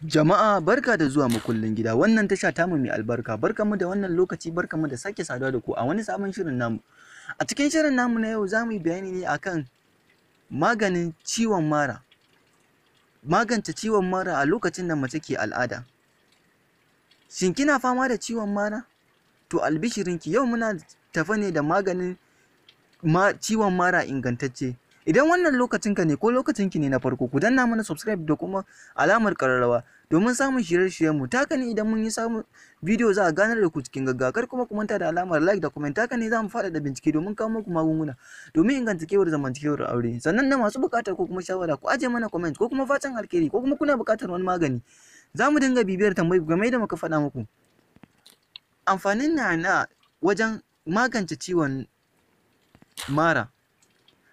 Jama'a barka da zuwa makullin gida wannan tasha tamu mai albarka Barka mu da wannan lokaci mu da sake saduwa da ku a wani sabon shirin namu a cikin shirin namu na yau zamu yi bayani ne akan maganin ciwon mara magance ciwon mara a lokacin da mace ke al'ada shin kina fama da ciwon mara to albishirinki yau muna tafa ne da maganin ma ciwon mara ingantacce idan wannan lokacinka ne ko ki ne na farko ku danna mana subscribe da kuma alamar kararrawa domin samun shirye-shiryen mu taka ne idan mun yi samu bidiyo za a ganar da ku cikin gaggawa kar kuma ku manta da alamar like da comment taka ne za mu faɗaɗa bincike domin kawo muku magunguna domin ingantakewar zamantakewar aure sannan na masu buƙatar ko kuma shawara ku aje mana comment ko kuma fatan alkhairi ko kuma kuna bukatar wani magani za mu dinga bibiyar tambayi game da muka faɗa muku amfanin na'ana wajen magance ciwon mara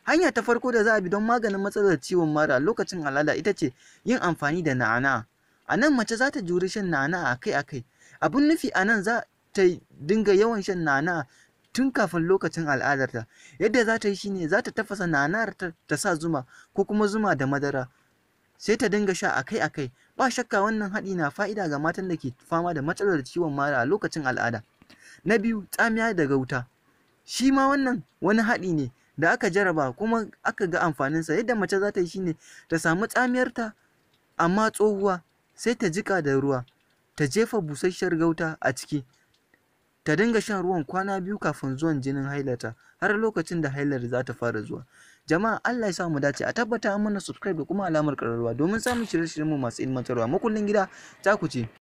hanya ta farko da za a bi don maganin matsalar ciwon mara lokacin al'ada ita ce yin amfani da na'ana a nan mace za ta juri shan na'ana kai-a kai, abin nufi a nan za ta dinga yawan shan na'ana tun kafin lokacin al'adarta yadda za ta yi shine za ta tafasa na'anar ta sa zuma ko kuma zuma da madara sai ta dinga sha akai-akai ba shakka wannan haɗi na fa'ida ga matan da ke fama da matsalar ciwon mara a lokacin al'ada na biyu tsamiya daga wuta shi ma wannan wani haɗi ne da aka jaraba kuma aka ga amfaninsa yadda mace za ta yi shine ta samu tsamiyarta amma tsohuwa sai ta jika da ruwa ta jefa busasshiyar gauta a ciki ta dinga shan ruwan kwana biyu kafin zuwan jinin hailata har lokacin da hailar za ta fara zuwa jama'a Allah ya sa mu dace a tabbata an mana subscribe da kuma alamar ƙararrawa domin samun shirye-shiryen mu masu ilmantarwa makullin gida ta ku ce